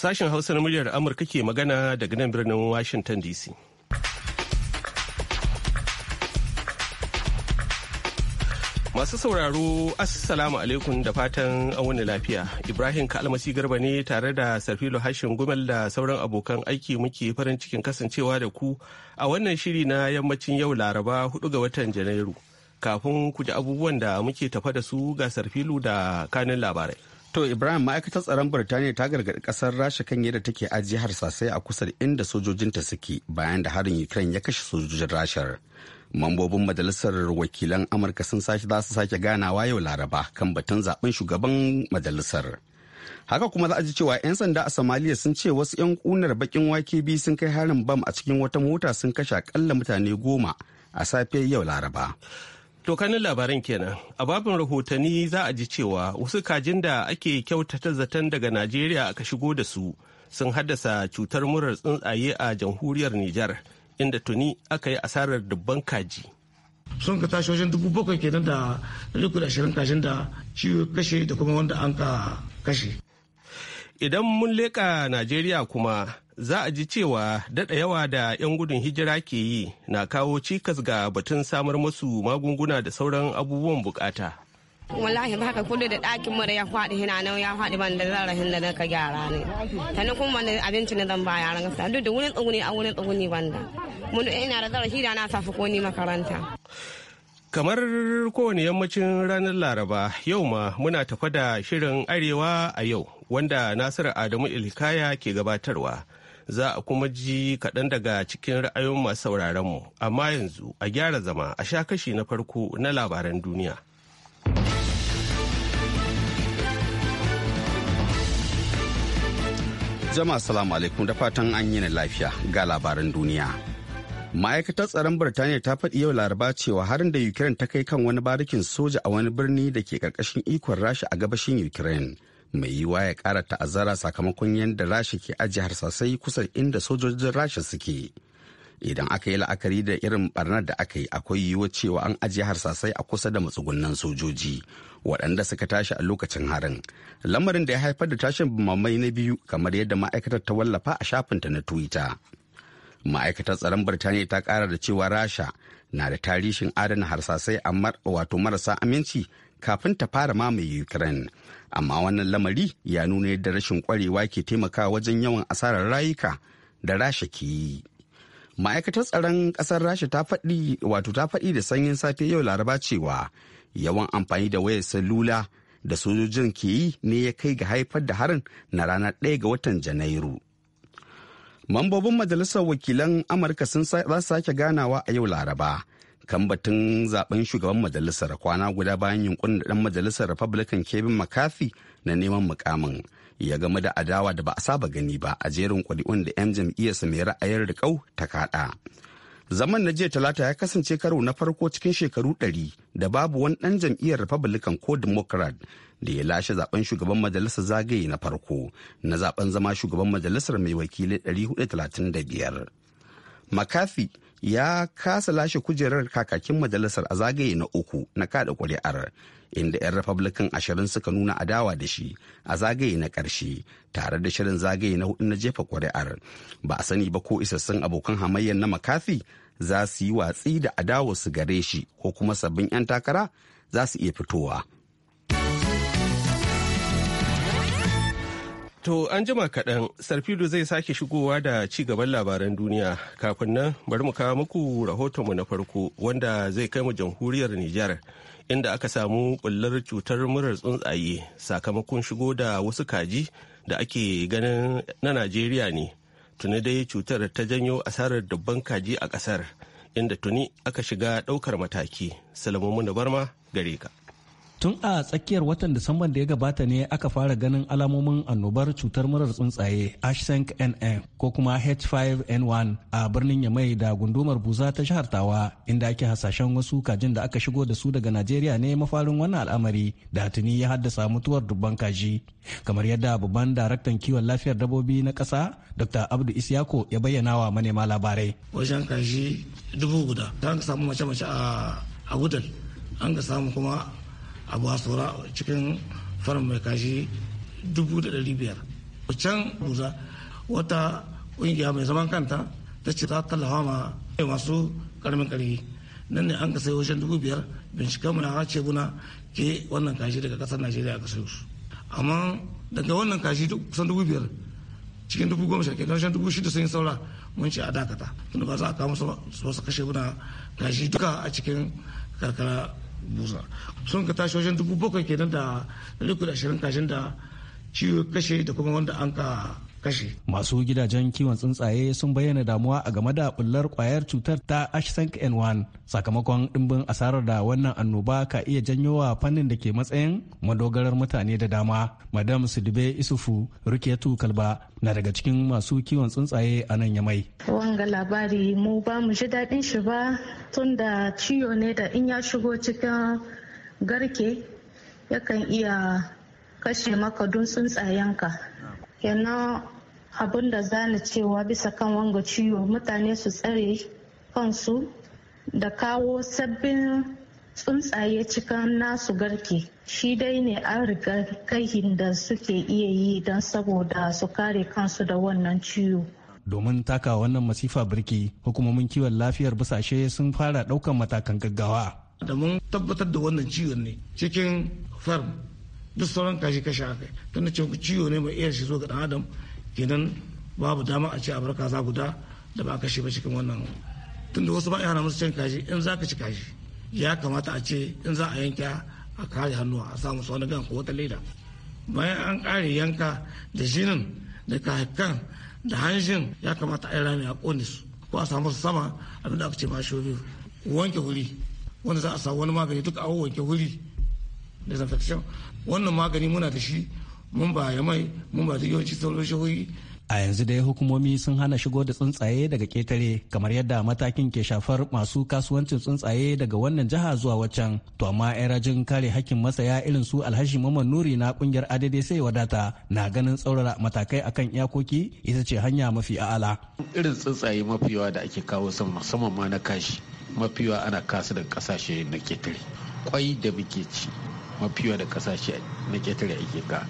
Sashen Hausa na muryar Amurka ke magana daga nan birnin Washington DC. Masu sauraro, Assalamu alaikum da fatan an wani lafiya. Ibrahim Kalmasi Garba ne tare da Sarfilo Hashin Gumel da sauran abokan aiki muke farin cikin kasancewa da ku a wannan shiri na yammacin yau Laraba 4 ga watan Janairu. Kafin ku ji abubuwan da muke tafa da su ga Sarfilo da kanin labarai. To Ibrahim ma'aikatar tsaron Birtaniya ta gargaɗi ƙasar Rasha kan yadda take ajiye harsasai a kusa da inda sojojinta suke bayan da harin Ukraine ya kashe sojojin Rashar. Mambobin majalisar wakilan Amurka sun sake za su sake ganawa yau Laraba kan batun zaben shugaban majalisar. Haka kuma za a ji cewa 'yan sanda a Somalia sun ce wasu 'yan kunar bakin wake biyu sun kai harin bam a cikin wata mota sun kashe akalla mutane goma a safiyar yau Laraba. To kanin labaran kenan, a babin rahotanni za a ji cewa wasu kajin da ake kyautata zaton daga Najeriya aka shigo da su sun haddasa cutar murar tsuntsaye a jamhuriyar Nijar, inda tuni aka yi asarar dubban kaji. Sun ka tashi wajen dubu bakwai kenan da da kajin da ciwo kashe da kuma wanda an ka kashe. Idan mun leƙa Najeriya kuma za a ji cewa daɗa yawa da 'yan gudun hijira ke yi na kawo cikas ga batun samar masu magunguna da sauran abubuwan bukata. wallahi ba haka kudu da ɗakin mara ya faɗi hina nan ya faɗi ban da zarafin da ka gyara ne ta ni kuma wanda abinci na zan ba yaran gasa duk da wurin tsuguni a wurin tsuguni banda mun ina da zarafi da na safi ko ni makaranta Kamar kowane yammacin ranar Laraba yau ma muna tafa da shirin Arewa a yau wanda Nasiru Adamu Ilkaya ke gabatarwa. Za a kuma ji kaɗan daga cikin ra'ayoyin masu sauraronmu, amma yanzu a gyara zama a sha kashi na farko na labaran duniya. Jama'a salamu alaikum da fatan an yi lafiya ga labaran duniya. ma'aikatar tsaron birtaniya ta faɗi yau laraba cewa harin da ukraine ta kai kan wani barikin soja a wani birni da ke ƙarƙashin ikon rasha a gabashin ukraine mai yiwuwa ya ƙara ta'azzara sakamakon yadda rasha ke ajiye harsasai kusa inda sojojin rasha suke idan aka yi la'akari da irin barnar da aka yi akwai yiwuwa cewa an ajiye harsasai a kusa da matsugunan sojoji waɗanda suka tashi a lokacin harin lamarin da ya haifar da tashin mamai na biyu kamar yadda ma'aikatar ta wallafa a shafinta na twitter ma'aikatar tsaron birtaniya ta kara da cewa rasha na da tarihin adana harsasai wato marasa aminci kafin ta fara mamaye ukraine amma wannan lamari ya nuna yadda rashin kwarewa ke taimakawa wajen yawan asarar rayuka da rasha ke yi ma'aikatar tsaron kasar rasha ta faɗi wato ta faɗi da sanyin safe yau laraba cewa yawan amfani da wayar salula da sojojin ke yi ne ya kai ga haifar da harin na ranar 1 ga watan janairu Mambobin Majalisar Wakilan Amurka sun za su sake ganawa a yau Laraba. Kan batun zaben shugaban majalisar kwana guda bayan yunkurin da dan majalisar Republican Kevin McCarthy na neman mukamin. Ya game da adawa da ba a saba gani ba a jerin ƙuri'un da 'yan jam'iyyarsa mai ra'ayar riƙau ta kaɗa. Zaman na jiya talata ya kasance karo na farko cikin shekaru ɗari da babu wani ɗan jam'iyyar Republican ko Democrat da ya lashe zaben shugaban majalisar zagaye na farko na zaben zama shugaban majalisar mai wakilai 435 makafi ya kasa lashe kujerar kakakin majalisar a zagaye na uku na kada kuri'ar inda 'yan republican ashirin suka nuna adawa da shi a zagaye na ƙarshe tare da shirin zagaye na hudu na jefa kuri'ar ba a sani ba ko isassun abokan hamayyar na makafi za su yi watsi da adawarsu gare shi ko kuma sabbin 'yan takara za su iya fitowa To an jima kaɗan Sarfilu zai sake shigowa da ci gaban labaran duniya kafin nan bari mu kawo muku rahotonmu na farko wanda zai kai mu jamhuriyar Nijar inda aka samu bullar cutar murar tsuntsaye sakamakon shigo da wasu kaji da ake ganin na Najeriya ne. Tuni dai cutar ta janyo asarar dubban kaji a ƙasar inda tuni aka shiga ɗaukar mataki. Salamu Barma gare ka. tun a tsakiyar watan disamban da ya gabata ne aka fara ganin alamomin annobar cutar murar tsuntsaye h5n1 ko kuma h5n1 a birnin yamai da gundumar buza ta shahartawa inda ake hasashen wasu kajin da aka shigo da su daga najeriya ne mafarin wannan al'amari da tuni ya haddasa mutuwar dubban kaji kamar yadda babban daraktan kiwon lafiyar dabbobi na ƙasa dr abdu isyako ya bayyana wa manema labarai wajen kaji dubu guda an samu mace-mace a gudan an ka samu kuma abu a tsora cikin farin mai kashi 500,000 da can buza wata kungiya mai zaman kanta ta ce ta tallafa ma masu karamin ƙarfi nan ne an ka sayo wajen dubu biyar binciken mu na ce buna ke wannan kashi daga kasar najeriya aka sayo su amma daga wannan kashi kusan dubu biyar cikin dubu goma sha kenan wajen dubu shida sun yi saura mun ce a dakata tun ba za a kama su kashe buna kashi duka a cikin karkara buza sun ka tashi wajen dubu bakwai kenan da riko da ashirin kashin da ciwo kashe da kuma wanda an ka kashe. Masu gidajen kiwon tsuntsaye sun bayyana damuwa a game da bullar kwayar cutar ta H5N1 sakamakon ɗimbin asarar da wannan annoba ka iya janyo wa fannin da ke matsayin madogarar mutane da dama. Madam Sidibe Isufu Ruketu Kalba na daga cikin masu kiwon tsuntsaye a nan Yamai. Wanga labari mu ba mu ji daɗin shi ba tun da ciwo ne da in ya shigo cikin garke yakan iya kashe maka dun tsuntsayenka. kenan abin da zani cewa bisa kan wanga ciwo mutane su tsare kansu da kawo sabbin tsuntsaye cikin nasu garke shi dai ne an kai da suke iya yi don saboda su kare kansu da wannan ciwo domin taka wannan masifa birki hukumomin kiwon lafiyar busashe sun fara daukan matakan gaggawa da mun tabbatar da wannan ciwon ne cikin farm duk sauran kashe kashi haka tun da ciwo ne mai iya shi zo ga dan adam kenan babu dama a ce a bar kaza guda da ba kashe ba cikin wannan tun da wasu ba yana musu cin kashi in za ka ci kashi ya kamata a ce in za a yanka a kare hannuwa a samu su wani gan ko wata leda bayan an kare yanka da jinin da kakan da hanshin ya kamata a yi rami a kone su ko a samu su sama da aka ce ma shobi wanke wuri wanda za a samu wani magani duka awo wanke wuri desinfection wannan magani muna da shi mun ba ya mai mun ba yawanci sauran shahohi a yanzu dai hukumomi sun hana shigo da tsuntsaye daga ketare kamar yadda matakin ke shafar masu kasuwancin tsuntsaye daga wannan jiha zuwa waccan to amma yan rajin kare hakkin masaya irin su alhaji Mamman nuri na kungiyar Adede sai wadata na ganin tsaurara matakai akan iyakoki ita ce hanya mafi a'ala irin tsuntsaye mafiwa da ake kawo sama musamman ma na kashi mafiwa ana kasu daga kasashe na ketare kwai da muke ci mafiwa da kasashe na ƙetare ake ka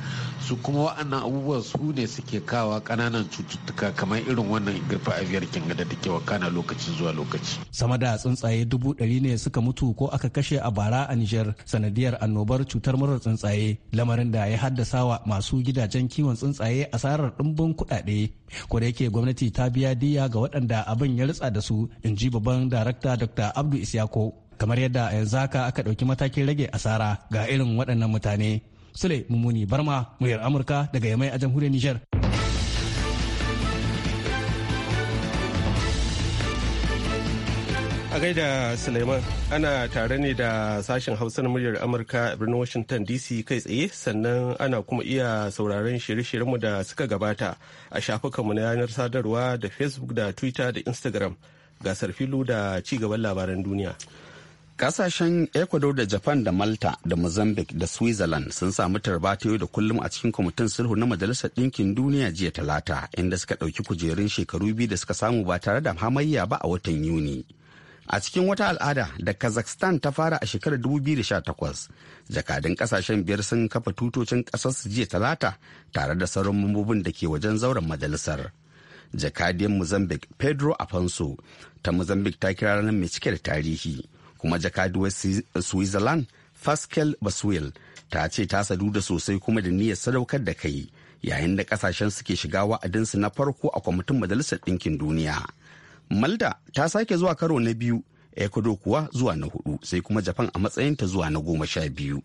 su kuma wa'annan abubuwa su ne suke kawa kananan cututtuka kamar irin wannan girfa aviyar kinga da take wakana lokaci zuwa lokaci sama da tsuntsaye dubu ɗari ne suka mutu ko aka kashe a bara a Nijar sanadiyar annobar cutar murar tsuntsaye lamarin da ya haddasa wa masu gidajen kiwon tsuntsaye asarar ɗumbin kuɗaɗe ko da yake gwamnati ta biya diya ga waɗanda abin ya ritsa da su in ji babban darakta Dr. Abdu Isyako kamar yadda yanzu haka aka ɗauki matakin rage asara ga irin waɗannan mutane sule mummuni barma muryar amurka daga yamai a jamhuriyar nijar a gaida suleiman ana tare ne da sashen hausa muryar amurka a birnin washington dc kai tsaye sannan ana kuma iya sauraron shirye-shiryenmu da suka gabata a mu na yanar sadarwa da facebook da twitter da instagram gasar filu da cigaban labaran duniya Kasashen Ecuador da Japan da Malta da Mozambique da Switzerland sun samu tarbatiyo da kullum a cikin kwamitin sulhu na Majalisar Ɗinkin Duniya jiya talata inda suka ɗauki kujerun shekaru biyu da suka samu ba tare da hamayya ba a watan Yuni. A cikin wata al'ada da Kazakhstan ta fara a shekarar 2018, jakadun kasashen biyar sun kafa tutocin ƙasarsu jiya talata tare da sauran mambobin da ke wajen zauren majalisar. Jakadiyar Mozambique Pedro Afonso ta Mozambique ta kira ranar mai cike da tarihi. kuma jakaduwar switzerland pascal baswell ta ce ta sadu da sosai kuma da niyyar sadaukar da kai yayin da kasashen suke shiga wa'adinsu na farko a kwamitin majalisar ɗinkin duniya malda ta sake zuwa karo na biyu ecuador kuwa zuwa na hudu sai kuma japan a matsayinta zuwa na goma sha biyu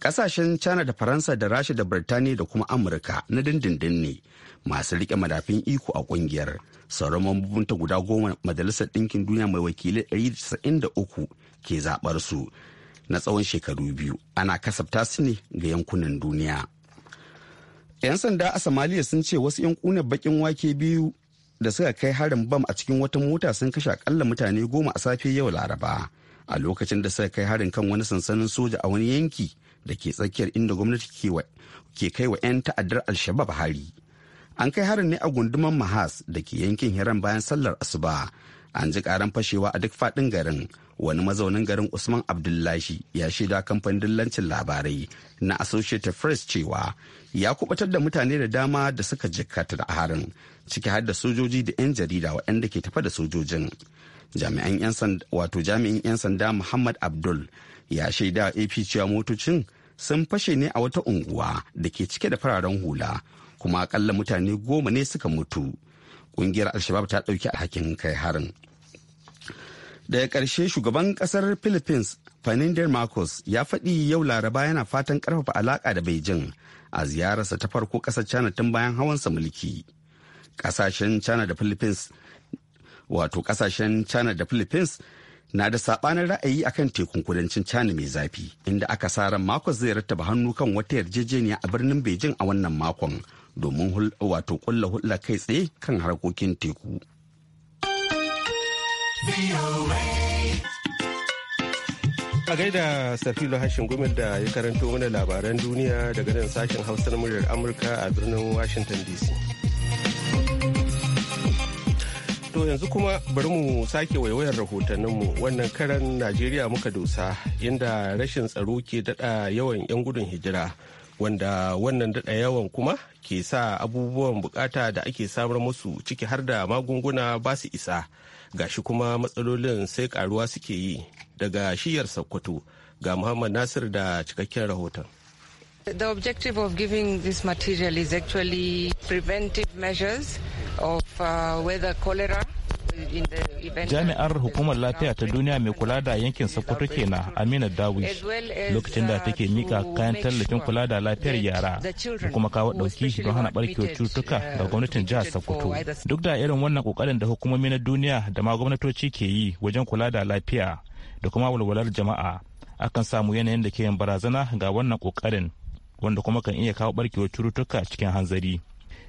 Kasashen China da Faransa da Rasha da Birtaniya da kuma Amurka na dindindin ne masu rike madafin iko a kungiyar. Sauran mambobin ta guda goma Majalisar Ɗinkin Duniya mai wakilai uku ke zaɓar su na tsawon shekaru biyu. Ana kasafta su ne ga yankunan duniya. 'Yan sanda a Somalia sun ce wasu 'yan ƙunar bakin wake biyu da suka kai harin bam a cikin wata mota sun kashe akalla mutane goma a safe yau Laraba. a lokacin da suka kai harin kan wani sansanin soja a wani yanki da ke tsakiyar inda gwamnati ke kai wa 'yan ta'addar alshabab hari an kai harin ne a gunduman mahas da ke yankin hiran bayan sallar asuba an ji karan fashewa a duk faɗin garin wani mazaunin garin usman abdullahi ya shaida kamfanin dillancin labarai na associated press cewa ya kubatar da mutane da dama da suka jikkata da harin ciki har da sojoji da 'yan jarida waɗanda ke tafa da sojojin jami'an wato jami'in 'yan sanda muhammad abdul ya shaida ap cewa motocin sun fashe ne a wata unguwa da ke cike da fararen hula kuma akalla mutane goma ne suka mutu kungiyar alshabab ta ɗauki alhakin kai harin daga karshe shugaban kasar philippines fernando marcos ya faɗi yau laraba yana fatan karfafa alaka da beijing a ziyararsa ta farko ƙasar china tun bayan hawansa mulki kasashen china da philippines wato kasashen china da philippines na da sabanin ra'ayi akan tekun kudancin china mai zafi inda aka sa ran makon zai rattaba hannu kan wata yarjejeniya a birnin beijing a wannan makon domin wato kulla hulla kai tsaye kan harkokin teku a gaida safilo hashin gumin da ya karanto mana labaran duniya daga nan sashen hausa muryar amurka a birnin washington dc To yanzu kuma bari mu sake waiwayar rahotanninmu wannan karan Najeriya muka dosa inda rashin tsaro ke dada yawan 'yan gudun hijira wanda wannan dada yawan kuma ke sa abubuwan bukata da ake samar musu ciki har da magunguna ba su isa gashi kuma matsalolin sai karuwa suke yi daga shiyar Sokoto ga Muhammad Nasir da cikakken rahoton. The objective of giving this material is actually preventive measures of uh, whether cholera jami'ar hukumar lafiya ta duniya mai kula da yankin sokoto na amina dawish lokacin da uh, take mika kayan tallafin kula da lafiyar yara da kuma kawo dauki don hana barkewar cututtuka uh, da gwamnatin jihar sokoto duk da irin wannan kokarin da hukumomi na duniya da ma gwamnatoci ke yi wajen kula da lafiya da kuma walwalar jama'a akan samu yanayin da ke yin barazana ga wannan kokarin wanda kuma kan iya kawo barkewar cututtuka cikin hanzari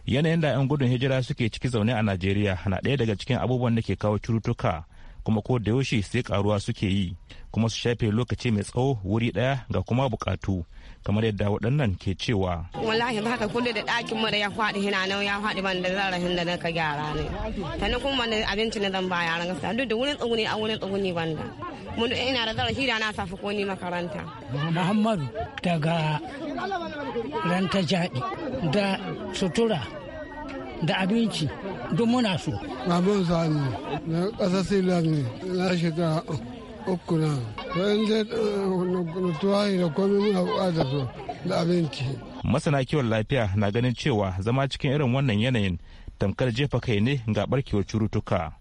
yanayin da 'yan gudun hijira suke ciki zaune a najeriya na ɗaya daga cikin abubuwan da ke kawo cututtuka kuma ko da yaushe sai karuwa suke yi kuma su shafe lokaci mai tsawo wuri daya ga kuma bukatu kamar yadda waɗannan ke cewa wallahi yanzu haka kullum da ɗakin mu da ya faɗi hina nan ya faɗi ban da zarafin da naka gyara ne kuma ban abinci na zan ba yaran gaskiya duk da wurin tsuguni a wurin tsuguni ban da ina da zarahi da na safi ko ni makaranta muhammadu daga ranta jaɗi da sutura da abinci don muna so. Baban Sani na ƙasa Silas ne na shiga uku eh, na. Bayan da tuwaye da komi muna buƙatar so da abinci. Masana kiwon lafiya na ganin cewa zama cikin irin wannan yanayin tamkar jefa kai ne ga ɓarkewar cututtuka.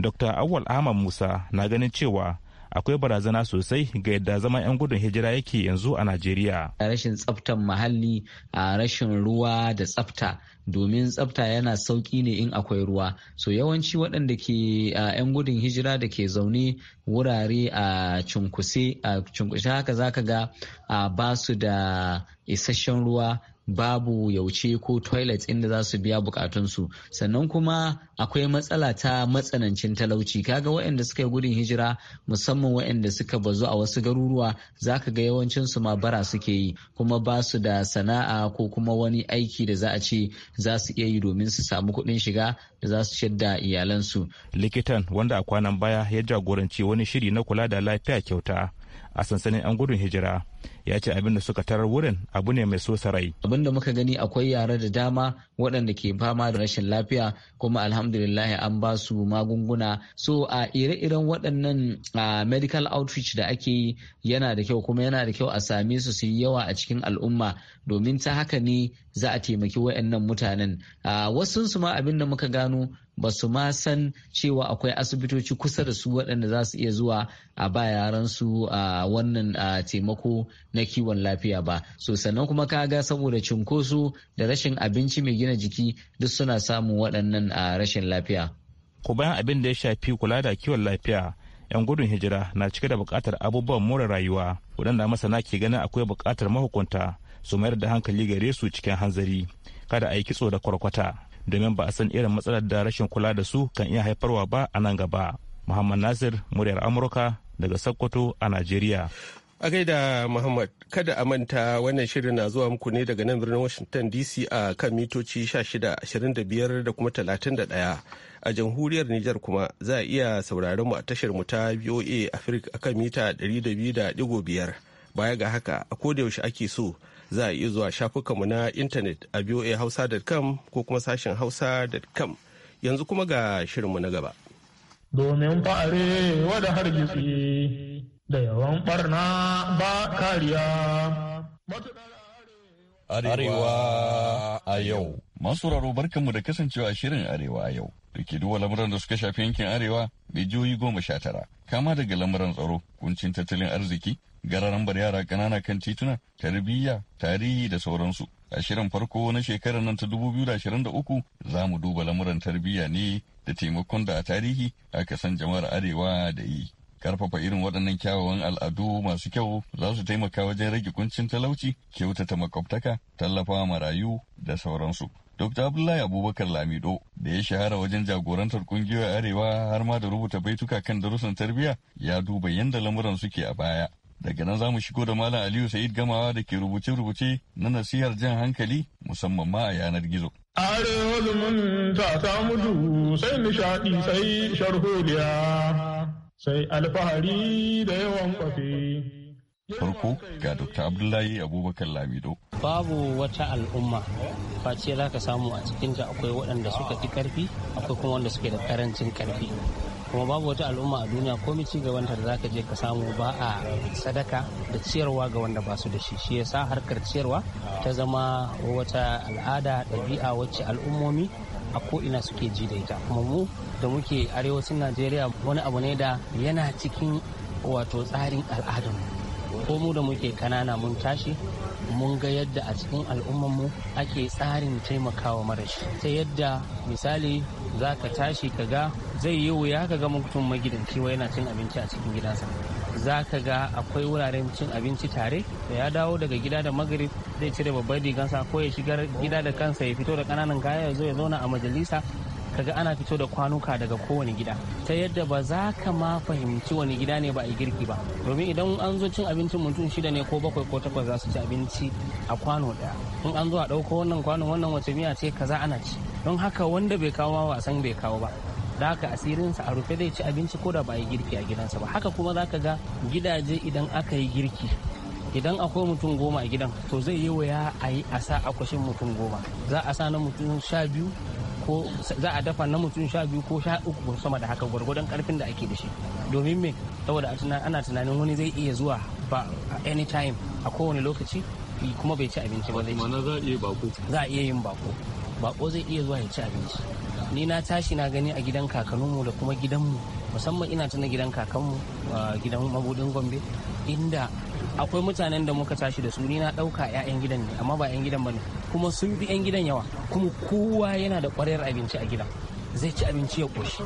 Dr. Awal Ahmad Musa na ganin cewa akwai barazana sosai ga yadda zaman 'yan gudun hijira yake yanzu a Najeriya. Rashin tsaftar muhalli a rashin ruwa da tsafta domin tsafta yana sauki ne in akwai ruwa so yawanci waɗanda ke a 'yan gudun hijira da ke zaune wurare a cunkushe cunkuse cunkuse haka zaka ga ba su da isasshen ruwa babu yauce ko toilet inda za su biya bukatunsu sannan kuma akwai matsala ta matsanancin talauci kaga waɗanda suka yi gudun hijira musamman waɗanda suka bazu a wasu garuruwa zaka ga yawancinsu ma bara suke yi kuma ba su da sana'a ko kuma wani aiki da za a ce za su iya yi domin su samu kuɗin shiga da za su iyalansu likitan wanda a kwanan baya ya jagoranci wani shiri na kula da lafiya kyauta a sansanin 'yan gudun hijira ya ce abin da suka tarar wurin abu ne mai sosa rai. abin da muka gani akwai yare da dama waɗanda ke fama da rashin lafiya kuma alhamdulillah an ba su magunguna so a ire-iren waɗannan medical outreach da ake yi yana da kyau kuma yana da kyau a same su su yi yawa a cikin al'umma domin ta haka ne za a taimaki waɗannan mutanen wasu su ma abin da muka gano ba su ma san cewa akwai asibitoci kusa da su waɗanda za su iya zuwa a ba yaran su a wannan taimako na kiwon lafiya ba so sannan kuma kaga saboda cunkoso da rashin abinci mai gina jiki duk suna samun waɗannan rashin lafiya ko bayan abin da ya shafi kula da kiwon lafiya 'yan gudun hijira na cike da buƙatar abubuwan more rayuwa waɗanda masana ke ganin akwai buƙatar mahukunta su mayar da hankali gare su cikin hanzari kada a yi kitso da kwarkwata domin ba a san irin matsalar da rashin kula da su kan iya haifarwa ba a nan gaba. Muhammad Nasir muryar Amurka daga Sokoto a Najeriya. A gaida Muhammad, kada a manta wannan shirin na zuwa muku ne daga nan birnin Washington DC a kan mitoci 1625 da kuma 31. A jamhuriyar Nijar kuma za a iya sauraron mu a tashar mu ta VOA Africa a kan mita 200.5. baya ga haka a yaushe ake so za a iya zuwa shafukanmu na intanet a voahausa.com ko kuma sashen hausa.com yanzu kuma ga shirinmu na gaba domin fa'are da hargitsi da yawan barna ba kariya arewa a yau masu raro barkanmu da kasancewa shirin arewa a yau da ke duwa lamuran da suka shafi yankin arewa mai jihohi goma sha tara kama daga lamuran tsaro kuncin tattalin arziki gararambar yara kanana kan tituna tarbiyya tarihi da sauransu a shirin farko na shekarar nan ta 2023 za mu duba lamuran tarbiyya ne da taimakon da a tarihi aka san jama'ar arewa da yi karfafa irin waɗannan kyawawan al'adu masu kyau za su taimaka wajen rage kuncin talauci kyautata makwabtaka tallafawa marayu da sauransu Dr. Abdullahi Abubakar Lamido da ya shahara wajen jagorantar kungiyoyin Arewa har ma da rubuta baituka kan darussan tarbiyya ya duba yadda lamuran suke a baya Daga nan za mu shigo da Malam Aliyu Sa'id Gamawa da ke rubuce-rubuce na nasihar jan hankali musamman ma a yanar gizo. Are mun ta ta mudu sai nishaɗi sai sharholiya sai alfahari da yawan kwafe. farko ga dr abdullahi abubakar lamido babu wata al'umma face za ka samu a cikin cikinta akwai waɗanda suka fi karfi akwai kuma wanda suke da karancin karfi kuma babu wata al'umma a duniya komai ci gaban da za ka je ka samu ba a sadaka da ciyarwa ga wanda ba su da shi shi yasa harkar ciyarwa ta zama wata al'ada ɗabi'a wacce al'ummomi a ko'ina suke ji da ita kuma mu da muke arewacin najeriya wani abu ne da yana cikin wato tsarin al'adarmu ko mu da muke kanana mun tashi mun ga yadda a cikin al'ummanmu ake tsarin taimakawa marashi ta yadda misali za ka tashi ka ga zai yi wuya ka ga mutum magidan kiwa yana cin abinci a cikin gidansa za ka ga akwai wuraren cin abinci tare da ya dawo daga gida da magrib zai cire babbar digansa ko ya shigar gida da kansa ya fito da kananan kaya ya zo ya zauna a majalisa kaga ana fito da kwanuka daga kowane gida ta yadda ba za ka ma fahimci wani gida ne ba a girki ba domin idan an zo cin abincin mutum shida ne ko bakwai ko takwas za su ci abinci a kwano daya in an zo a ɗauko wannan kwanon wannan wace miya ce kaza ana ci don haka wanda bai kawo wasan bai kawo ba da haka sa a rufe zai ci abinci ko da ba a yi girki a gidansa ba haka kuma za ka ga gidaje idan aka yi girki idan akwai mutum goma a gidan to zai yi waya a yi a sa akwashin mutum goma za a sa na mutum sha biyu ko za a dafa na mutum sha biyu ko sha uku ko sama da haka gwargwadon karfin da ake da shi domin me saboda ana tunanin wani zai iya zuwa ba anytime a kowane lokaci kuma bai ci abinci ba zai ci za a iya yin bako bako zai iya zuwa ya ci abinci ni na tashi na gani a gidan kakanninmu da kuma gidanmu musamman ina tuna gidan kakanmu gidan mabudin gombe inda akwai mutanen da muka tashi da su ni na ɗauka 'ya'yan gidan ne amma ba 'yan gidan ba ne kuma sun bi 'yan gidan yawa kuma kowa yana da ƙwarayar abinci a gidan zai ci abinci ya koshi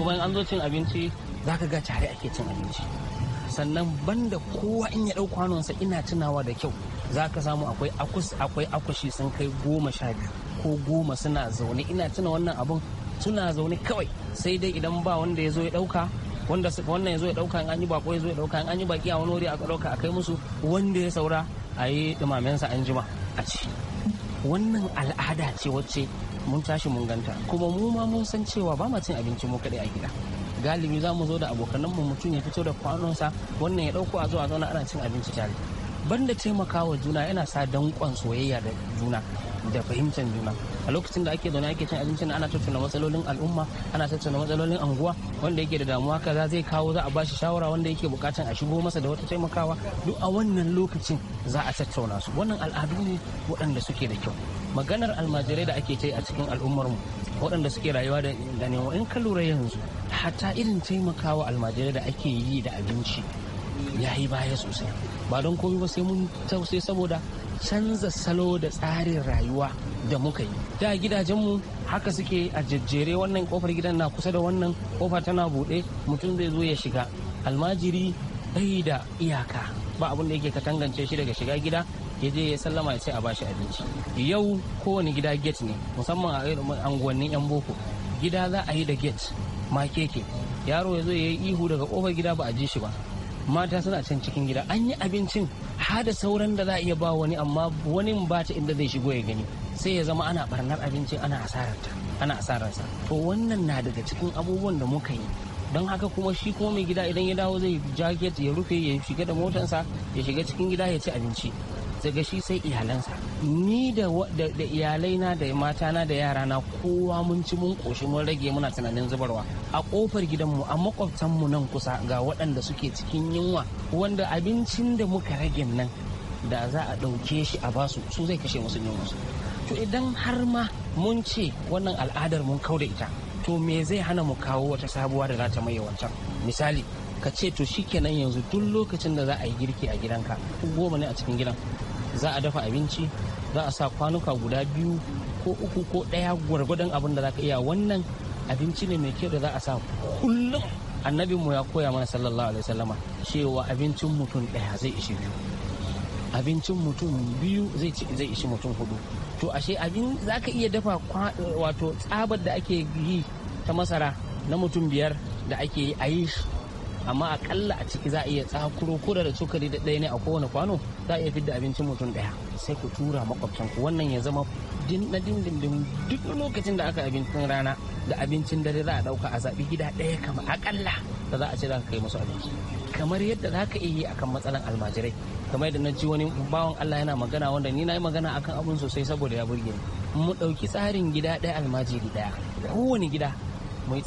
kuma in an zo cin abinci za ka ga tare ake cin abinci sannan banda kowa in ya ɗau kwanonsa ina tunawa da kyau za ka samu akwai akus akwai akushi sun kai goma sha biyu ko goma suna zaune ina tuna wannan abun suna zaune kawai sai dai idan ba wanda ya zo ya ɗauka wanda wannan ya zo ya ɗauka in an yi bako ya zo ya ɗauka in an yi baki a wani wuri aka ɗauka a kai musu wanda ya saura a yi ɗumamen an jima a ci wannan al'ada ce wacce mun tashi mun ganta kuma mu ma mun san cewa ba ma cin abinci mu kaɗai a gida galibi za mu zo da abokanan mu mutum ya fito da kwanonsa wannan ya ɗauko a zuwa zauna ana cin abinci tare banda taimakawa juna yana sa danƙon soyayya da juna da fahimtar juna a lokacin da ake zaune ake cin abincin ana tattauna matsalolin al'umma ana tattauna matsalolin anguwa wanda yake da damuwa kaza zai kawo za a bashi shawara wanda yake bukatan a shigo masa da wata taimakawa duk a wannan lokacin za a tattauna su wannan al'adu ne waɗanda suke da kyau maganar almajirai da ake ce a cikin al'ummarmu waɗanda suke rayuwa da newa in ka lura yanzu hatta irin taimakawa almajirai da ake yi da abinci ya yi baya sosai ba don komi ba sai mun sai saboda canza salo da tsarin rayuwa da muka yi da gidajenmu haka suke a jejjere wannan kofar gidan na kusa da wannan kofar tana buɗe mutum zai zo ya shiga almajiri bai da iyaka ba abin da yake ka tangance shi daga shiga gida ya je ya sallama ya ce a bashi abinci yau kowane gida gate ne musamman a anguwannin yan boko gida za a yi da gate ma keke yaro ya zo ya yi ihu daga kofar gida ba a ji shi ba mata suna can cikin gida an yi abincin har da sauran da za a iya ba wani amma wani ba ta inda zai shigo ya gani sai ya zama ana barnar abinci ana asararta ana asararsa to wannan na daga cikin abubuwan da muka yi don haka kuma shi kuma mai gida idan ya dawo zai jaket ya rufe ya shiga da motansa ya shiga cikin gida ya ci abinci ga shi sai iyalansa ni da iyalai na da matana da yarana kowa mun ci mun koshi mun rage muna tunanin zubarwa a kofar gidanmu a mu nan kusa ga waɗanda suke cikin yunwa wanda abincin da muka rage nan da za a ɗauke shi a basu su zai kashe musu musu to idan har ma mun ce wannan al'adar mun kau da ita to me zai hana mu kawo wata sabuwa da za ta maye wancan misali ka ce to shikenan yanzu duk lokacin da za a yi girki a gidanka goma ne a cikin gidan za a dafa abinci za a sa kwanuka guda biyu ko uku ko ɗaya gwargwadon abin da za ka iya wannan abinci ne mai kyau da za a sa kullum annabi mu ya koya mana sallallahu alaihi wasallama cewa abincin mutum ɗaya zai ishi biyu abincin mutum biyu zai zai ishi mutum hudu to ashe abin za ka iya dafa wato tsabar da ake yi ta masara na mutum biyar da ake yi a yi amma akalla a ciki za a iya tsakuro ko da cokali da ɗaya ne a kowane kwano za a iya fidda abincin mutum ɗaya sai ku tura makwabtanku. ku wannan ya zama din na dindindin duk lokacin da aka abincin rana da abincin dare za a ɗauka a zaɓi gida ɗaya kama akalla da za a ce za ka kai musu abinci kamar yadda za ka iya yi akan matsalan almajirai kamar yadda na ji wani bawan Allah yana magana wanda ni na yi magana akan abun sosai saboda ya burge mu ɗauki tsarin gida ɗaya almajiri ɗaya kowane gida mu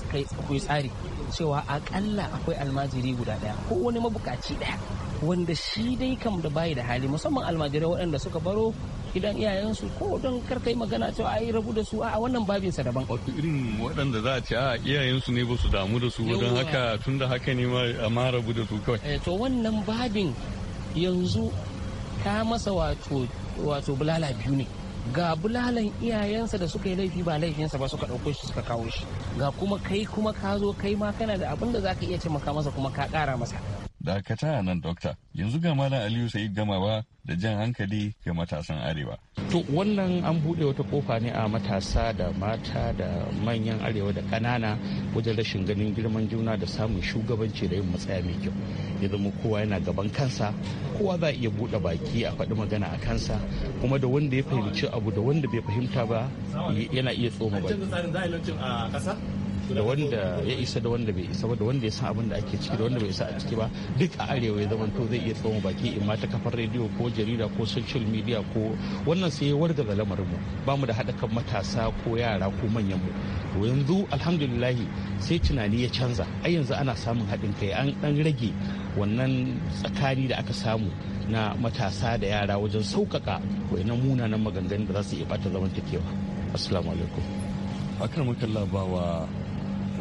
tsari cewa akalla akwai almajiri guda daya ko wani mabukaci daya wanda shi dai kam da bayi da hali musamman almajirai waɗanda suka baro gidan iyayensu ko don karkai magana cewa yi rabu da su a wannan babin sa daban wato irin waɗanda za a ce a iyayensu ne ba su damu da su don haka tun da haka ne ma rabu da su kawai eh, to wannan babin yanzu ka masa wato wato bulala biyu ne ga bulalan iyayensa da suka yi laifi ba laifinsa ba suka ɗauko shi suka kawo shi ga kuma kai kuma ka zo kai ma kana da abin da ka iya taimaka masa kuma ka ƙara masa dakata a nan dokta yanzu ga malam aliyu Gama ba da jan hankali ga matasan arewa to wannan an buɗe wata kofa ne a matasa da mata da manyan arewa da ƙanana wajen rashin ganin girman juna da samun shugabanci da yin matsaya mai kyau ya zama kowa yana gaban kansa kowa za iya buɗe baki a faɗi magana a kansa kuma da wanda ya fahimci abu da wanda bai fahimta ba yana iya tsoma ba. da wanda ya isa da wanda bai isa ba da wanda ya san abin da ake ciki da wanda bai isa a ciki ba duk a arewa ya zamanto zai iya tsawon baki in ma ta kafar rediyo ko jarida ko social media ko wannan sai ya wargaza lamarin mu ba mu da haɗa kan matasa ko yara ko manyan mu to yanzu alhamdulillahi sai tunani ya canza ai yanzu ana samun haɗin kai an ɗan rage wannan tsakani da aka samu na matasa da yara wajen sauƙaƙa muna munanan maganganun da za su iya bata zamantakewa assalamu alaikum akan muka labawa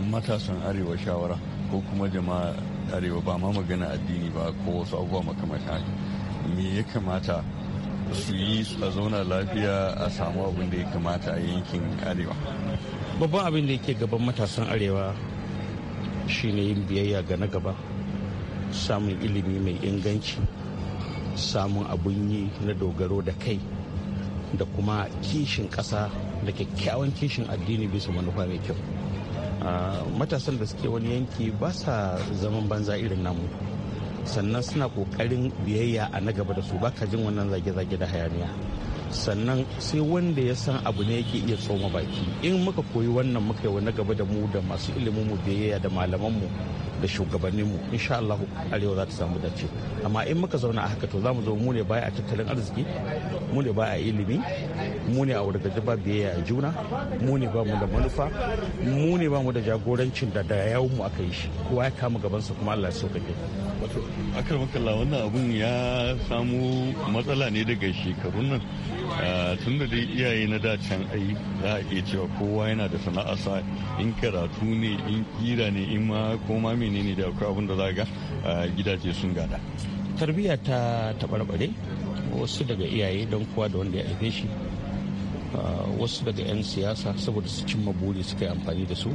matasan arewa shawara ko kuma jama'a arewa ba ma magana addini ba ko wasu abubuwa makamashin me ya kamata su yi a zauna lafiya a samu abin da ya kamata a yankin arewa babban abin da yake gaban matasan arewa shine yin biyayya ga na gaba samun ilimi mai inganci samun abin yi na dogaro da kai da kuma kishin kasa da kyakkyawan kishin addini bisa manufa mai kyau matasan da suke wani yanki ba sa zaman banza irin namu sannan suna kokarin biyayya a na gaba da su ba ka jin wannan zage-zage da hayaniya sannan sai wanda ya san abu ne yake iya tsoma baki in muka koyi wannan muka yi wani gaba da mu da masu ilimin mu biyayya da malaman mu da shugabannin mu insha Allah arewa za ta samu dace amma in muka zauna a haka to za mu zo mu ne baya a tattalin arziki mu ne baya a ilimi mu ne a wadataccen ba biyayya a juna mu ne ba mu da manufa mu ne ba mu da jagorancin da da mu aka yi shi kowa ya kama gabansa kuma Allah ya sauƙaƙe wato akar wannan abun ya samu matsala ne daga shekarun nan Eh, tun da dai iyaye na dacen ai za a iya cewa kowa yana da sana'arsa in karatu ne in kira ne in ma koma menene da akwai abin da za ga eh, gidaje sun gada tarbiyya ta tabarbare wasu daga iyaye don kowa da wanda ya aife shi eh, wasu daga 'yan siyasa saboda su cimma buri suka yi amfani da su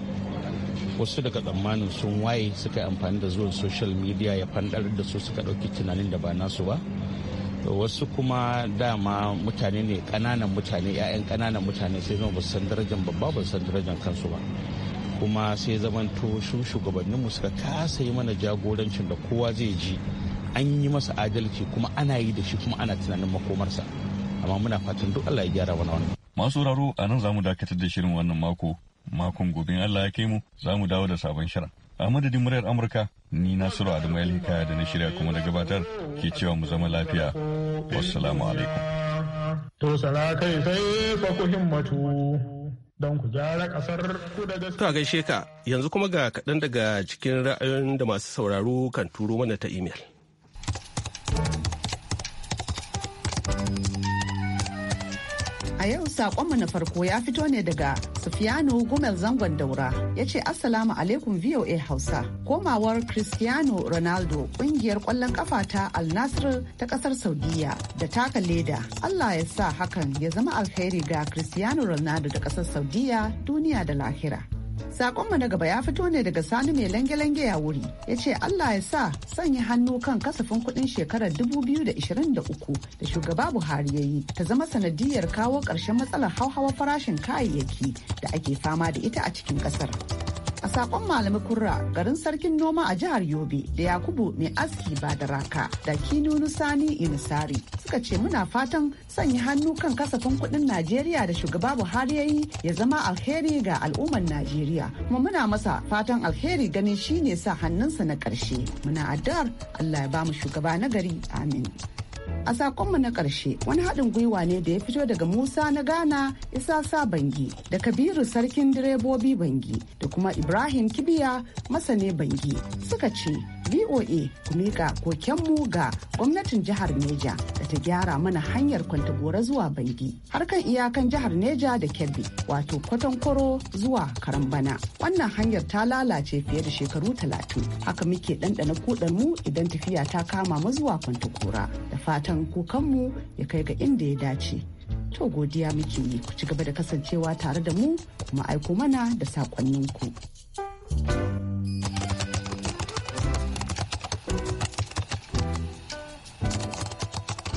wasu daga tsammanin sun waye suka yi amfani da zuwan social media ya fandar da su suka ɗauki tunanin da ba nasu ba wasu kuma dama mutane ne kananan mutane 'ya'yan kananan mutane sai zama ba san darajar babba ba san darajar kansu ba kuma sai zamanto mu suka kasa yi mana jagorancin da kowa zai ji an yi masa adalci kuma ana yi da shi kuma ana tunanin makomarsa amma muna fatan duk Allah ya gyara wani wannan masu raro a nan zamu dakatar da shirin wannan mako makon gobe Allah ya kai mu zamu dawo da sabon shirin a madadin muryar amurka ni nasiru adamu hikaya da na shirya kuma da gabatar ke cewa mu zama lafiya wassalamu alaikum to kai sai fa ku himmatu don ku gyara kasar ku gaske to gaishe ka yanzu kuma ga kaɗan daga cikin ra'ayoyin da masu sauraro kan turo mana ta imel A yau saƙonmu na farko ya fito ne daga Sufiyanu Gumel Zangon Daura ya ce Assalamu alaikum VOA Hausa. Komawar Cristiano Ronaldo ƙungiyar ƙwallon ƙafa ta Al Nassr ta ƙasar Saudiya da taka leda. Allah ya sa hakan ya zama alkhairi ga Cristiano Ronaldo da ƙasar Saudiya duniya da lahira. Sakonmu na gaba ya fito ne daga Sani mai lange-lange ya wuri. Ya ce Allah ya sa sanya hannu kan kasafin kudin shekarar 2023 da shugaba Buhari ya yi ta zama sanadiyar kawo ƙarshen matsalar hauhawa farashin kayayyaki da ake fama da ita a cikin ƙasar. sakon malami kurra garin sarkin noma a jihar yobe da yakubu mai aski ba da raka da kinunu sani inisari suka ce muna fatan sanya hannu kan kasafin kudin najeriya da shugaba buhari ya yi ya zama alheri ga al'ummar najeriya kuma muna masa fatan alheri ganin shine sa hannunsa na karshe muna addu'ar allah ya bamu shugaba na gari amin A sakonmu na ƙarshe wani haɗin gwiwa ne da ya fito daga Musa na Ghana Isasa Bangi da Kabiru Sarkin Direbobi Bangi da kuma Ibrahim Kibiya Masane Bangi suka ce VOA ku miƙa kokenmu ga gwamnatin jihar Neja da ta gyara mana hanyar kwantagora zuwa Bangi. kan iyakan jihar Neja da Kebbi wato kwatankwaro zuwa Karambana. Wannan hanyar ta lalace fiye da shekaru talatin. Haka muke ɗanɗana kuɗar mu idan tafiya ta kama mu zuwa kwantagora. Da fatan kukanmu ya kai ga inda ya dace. To godiya muke yi ku ci gaba da kasancewa tare da mu kuma aiko mana da saƙonninku. thank you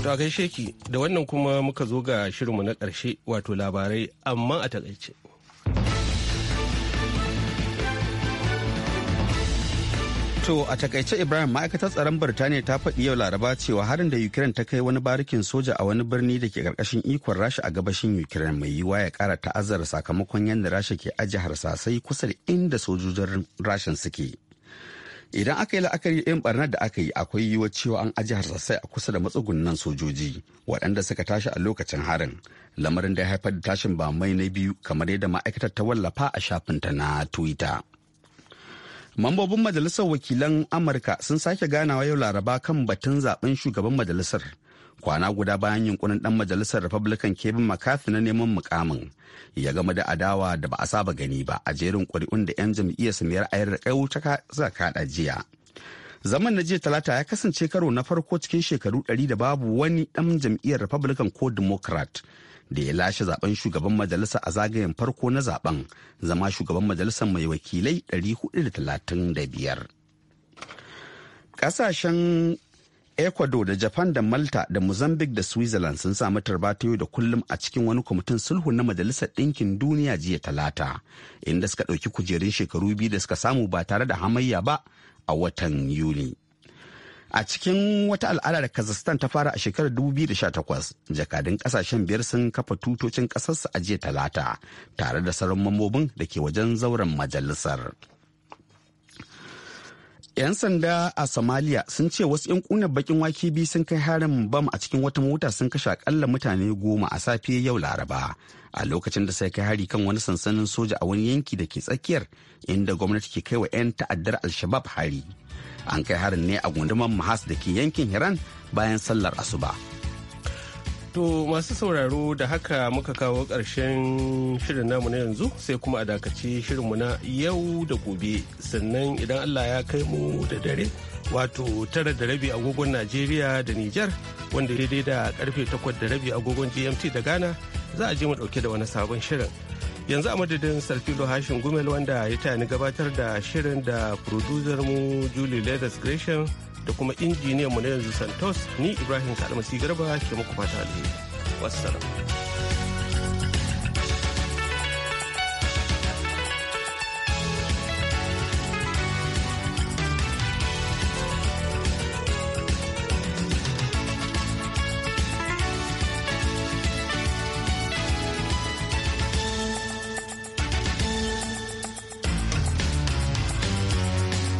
To a gaishe ki da wannan kuma muka zo ga shirinmu na ƙarshe wato labarai amma a takaice. To a takaice Ibrahim ma'aikatar tsaron Birtaniya ta faɗi yau Laraba cewa harin da Ukraine ta kai wani barikin soja a wani birni da ke ƙarƙashin ikon Rasha a gabashin Ukraine mai yiwuwa ya kara ta'azzara sakamakon yadda Rasha ke ajiye harsasai kusa da inda sojojin Rashin suke. idan aka yi la'akari yin barnar da aka yi akwai yiwuwar cewa an aji harsasai a kusa da matsugunan sojoji waɗanda suka tashi a lokacin harin lamarin da ya haifar da tashin ba mai na biyu kamar yadda ma'aikatar ta wallafa a shafin ta na twitter mambobin majalisar wakilan amurka sun sake ganawa yau laraba kan batun zaben shugaban majalisar kwana guda bayan yunkurin dan majalisar republican kevin mccarthy na neman mukamin ya gama da adawa da ba a saba gani ba a jerin ƙuri'un da 'yan su mai ra'ayar da kai za kaɗa jiya zaman na jiya talata ya kasance karo na farko cikin shekaru ɗari da babu wani ɗan jam'iyyar republican ko democrat da ya lashe zaben shugaban majalisa a zagayen farko na zaben zama shugaban majalisar mai wakilai 435 kasashen ecuador da japan da malta da mozambique da switzerland sun samu tarbatayo da kullum a cikin wani kwamitin sulhu na majalisar ɗinkin duniya jiya talata inda suka ɗauki kujerun shekaru biyu da suka samu ba tare da hamayya ba a watan yuli a cikin wata al'ada da kazakhstan ta fara a shekarar 2018 jakadun ƙasashen biyar sun kafa tutocin ƙasarsu a jiya talata tare da sauran mambobin da ke wajen zauren majalisar. 'Yan sanda a Somalia sun ce wasu 'yan kunar bakin wake biyu sun kai harin bam a cikin wata mota sun kashe akalla mutane goma a safe yau Laraba. A lokacin da sai kai hari kan wani sansanin soja a wani yanki da ke tsakiyar inda gwamnati ke kai wa 'yan ta'addar Alshabab hari. An kai harin ne a gundumar Mahas da ke yankin Hiran bayan sallar Asuba. To masu sauraro da haka muka kawo ƙarshen shirin namu na yanzu sai kuma a dakace shirinmu na yau da gobe sannan idan Allah ya kai mu da dare wato tara da rabi agogon Najeriya da Nijar wanda daidai da karfe takwas da rabi agogon GMT da Ghana za a je mu dauke da wani sabon shirin. Yanzu a madadin Sarfilo Hashin Gumel wanda ya tani gabatar da shirin da producer mu Julie Leathers Gresham da kuma injiniyan mu na yanzu santos ni ibrahim kalmasi garba ke muku fata alheri wassalam